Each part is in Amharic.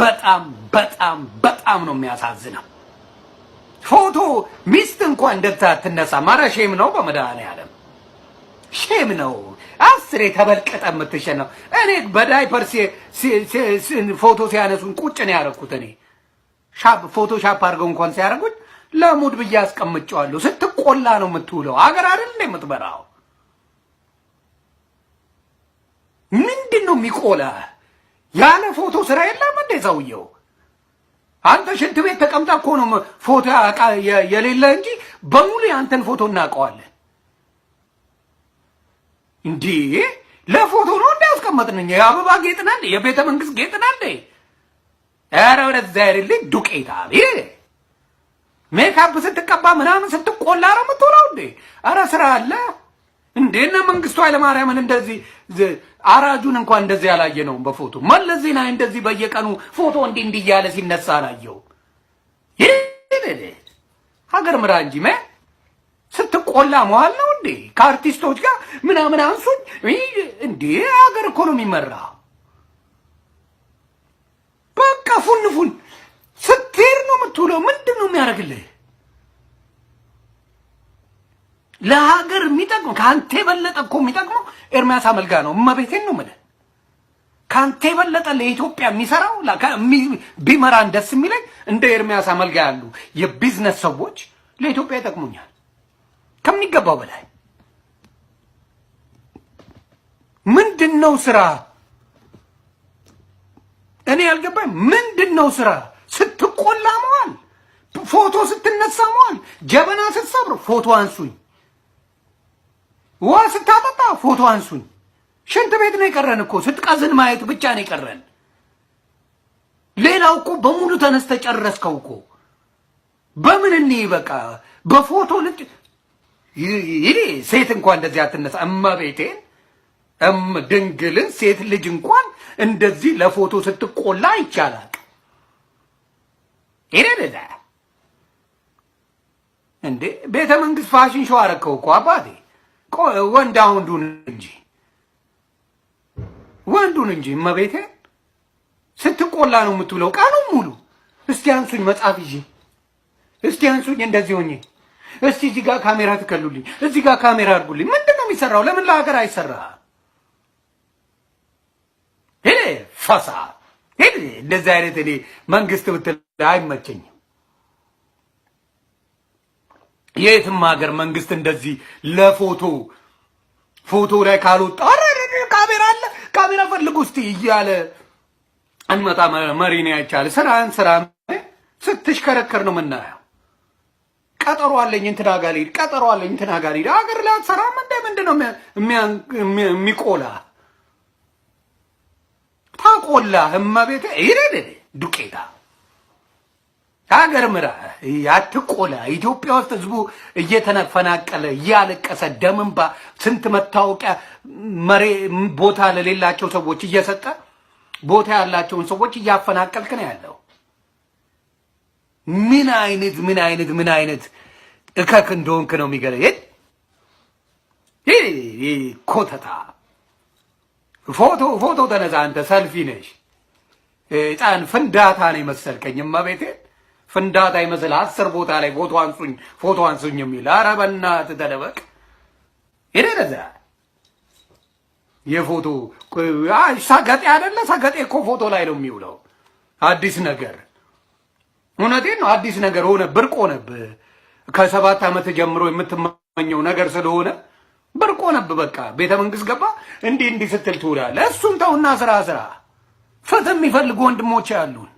በጣም በጣም በጣም ነው የሚያሳዝነው። ፎቶ ሚስት እንኳን እንደዛ ትነሳ ማረ ሼም ነው በመድኃኒዓለም ሼም ነው። አስሬ ተበልቀጠ ነው። እኔ በዳይፐር ፎቶ ሲያነሱን ቁጭ ነው ያደረኩት። እኔ ፎቶ ሻፕ አድርገው እንኳን ሲያደርጉኝ ለሙድ ብዬ አስቀምጨዋለሁ። ስትቆላ ነው የምትውለው። አገር አይደል የምትበራው ምንድን ነው የሚቆላ ያለ ፎቶ ስራ የለም እንዴ ሰውየው? አንተ ሽንት ቤት ተቀምጣ እኮ ነው ፎቶ የሌለ እንጂ በሙሉ የአንተን ፎቶ እናውቀዋለን። እንዲህ ለፎቶ ነው እንዳያስቀመጥንኛ የአበባ ጌጥና እንዴ የቤተ መንግስት ጌጥና እንዴ ኧረ ወደዛ አይደልኝ ዱቄታ ሜካፕ ስትቀባ ምናምን ስትቆላ ነው የምትውለው እንዴ? ኧረ ስራ አለ እንዴነ መንግስቱ ኃይለማርያምን እንደዚህ አራጁን እንኳን እንደዚህ ያላየ ነው በፎቶ መለስ ዜናዊ እንደዚህ በየቀኑ ፎቶ እንዲህ እንዲህ እያለ ሲነሳ አላየው። ሀገር ምራ እንጂ መ ስትቆላ መዋል ነው እንዴ? ከአርቲስቶች ጋር ምናምን አንሱኝ እንዴ? ሀገር እኮ ነው የሚመራ። በቃ ፉንፉን ስትሄድ ነው የምትውለው። ምንድን ነው የሚያደርግልህ? ለሀገር የሚጠቅም ከአንተ የበለጠ እኮ የሚጠቅመው ኤርሚያስ አመልጋ ነው። እመቤቴን ነው የምልህ። ከአንተ የበለጠ ለኢትዮጵያ የሚሰራው ቢመራን ደስ የሚለኝ እንደ ኤርሚያስ አመልጋ ያሉ የቢዝነስ ሰዎች ለኢትዮጵያ ይጠቅሙኛል ከሚገባው በላይ። ምንድን ነው ስራ? እኔ ያልገባኝ ምንድን ነው ስራ? ስትቆላ መዋል፣ ፎቶ ስትነሳ መዋል፣ ጀበና ስትሰብር ፎቶ አንሱኝ ውሃ ስታጠጣ ፎቶ አንሱኝ። ሽንት ቤት ነው የቀረን እኮ ስትቀዝን ማየት ብቻ ነው የቀረን። ሌላው እኮ በሙሉ ተነስተ ጨረስከው እኮ በምን እኔ በቃ በፎቶ ልጅ ይሄ ሴት እንኳን እንደዚህ አትነሳ። እመቤቴን እም ድንግልን ሴት ልጅ እንኳን እንደዚህ ለፎቶ ስትቆላ ይቻላል። ይሄ እንዴ ቤተ መንግስት ፋሽን ሾው አረከው እኮ አባቴ ወንድ ወንዱን እንጂ ወንዱን እንጂ እመቤቴ ስትቆላ ነው የምትውለው ቀኑ ሙሉ። እስቲ አንሱኝ መጽሐፍ ይዤ፣ እስቲ አንሱኝ እንደዚህ ሆኜ፣ እስቲ እዚህ ጋር ካሜራ ትከሉልኝ፣ እዚህ ጋር ካሜራ አድርጉልኝ። ምንድን ነው የሚሰራው? ለምን ለሀገር አይሰራ? ሄ ፈሳ ሄ እንደዚህ አይነት እኔ መንግስት ብትል አይመቸኝም። የትም ሀገር መንግስት እንደዚህ ለፎቶ ፎቶ ላይ ካልወጣ ካሜራ አለ ካሜራ ፈልጉ እስቲ እያለ አንመጣ መሪ ነው ያቻለ ስራን ስራ ስትሽከረከር ነው የምናየው። ቀጠሮ አለኝ እንትና ጋር ልሂድ፣ ቀጠሮ አለኝ እንትና ጋር ልሂድ። ሀገር ላይ አትሰራም እንደ ምንድን ነው የሚቆላ ታቆላ እመቤቴ ይሄ ዱቄታ ከሀገር ምራ አትቆላ። ኢትዮጵያ ውስጥ ህዝቡ እየተፈናቀለ እያለቀሰ ደምንባ ስንት መታወቂያ መሬ ቦታ ለሌላቸው ሰዎች እየሰጠ ቦታ ያላቸውን ሰዎች እያፈናቀልክ ነው ያለው። ምን አይነት ምን አይነት ምን አይነት እከክ እንደሆንክ ነው የሚገለየት። ኮተታ ፎቶ ፎቶ ተነሳ። አንተ ሰልፊ ነሽ፣ ጣን ፍንዳታ ነው የመሰልከኝ እመቤቴ ፍንዳታ ይመስል አስር ቦታ ላይ ፎቶ አንሱኝ ፎቶ አንሱኝ የሚል ኧረ በእናትህ ተደበቅ። ሄደህ የፎቶ ሰገጤ አይደለ? ሰገጤ እኮ ፎቶ ላይ ነው የሚውለው። አዲስ ነገር እውነቴን ነው። አዲስ ነገር ሆነ ብርቅ ሆነብህ። ከሰባት ዓመት ጀምሮ የምትመኘው ነገር ስለሆነ ብርቅ ሆነብህ። በቃ ቤተ መንግስት ገባ እንዲህ እንዲህ ስትል ትውላለህ። እሱን ተውና ስራ ስራ። ፍትህ የሚፈልጉ ወንድሞች ያሉን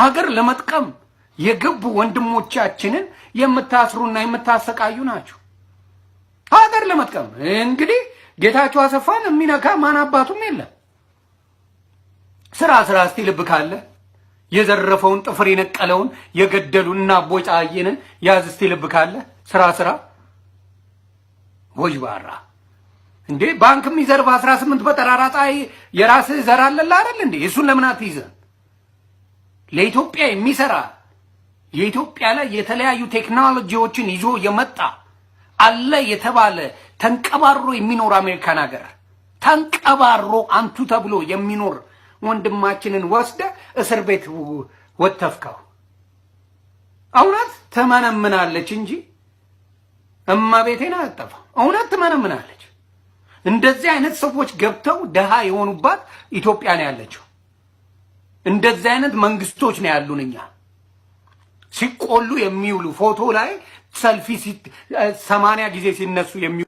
ሀገር ለመጥቀም የገቡ ወንድሞቻችንን የምታስሩና የምታሰቃዩ ናቸው። ሀገር ለመጥቀም እንግዲህ ጌታቸው አሰፋን የሚነካ ማን አባቱም የለም። ስራ ስራ እስቲ ልብ ካለ የዘረፈውን ጥፍር የነቀለውን የገደሉን እና ቦጫየንን ያዝ እስቲ ልብ ካለ ስራ ስራ ባራ እንዴ ባንክ የሚዘርፍ አስራ ስምንት በጠራራ ፀሐይ የራስህ ዘር አለላ አይደል እንዴ? እሱን ለምን አትይዘን? ለኢትዮጵያ የሚሰራ የኢትዮጵያ ላይ የተለያዩ ቴክኖሎጂዎችን ይዞ የመጣ አለ የተባለ ተንቀባሮ የሚኖር አሜሪካን ሀገር ተንቀባሮ አንቱ ተብሎ የሚኖር ወንድማችንን ወስደ እስር ቤት ወተፍከው። እውነት ትመነምናለች እንጂ እማቤቴን አያጠፋም። እውነት ትመነምናለች። እንደዚህ አይነት ሰዎች ገብተው ደሃ የሆኑባት ኢትዮጵያ ነው ያለችው። እንደዚህ አይነት መንግስቶች ነው ያሉን እኛ። ሲቆሉ የሚውሉ ፎቶ ላይ ሰልፊ ሰማንያ ጊዜ ሲነሱ የሚ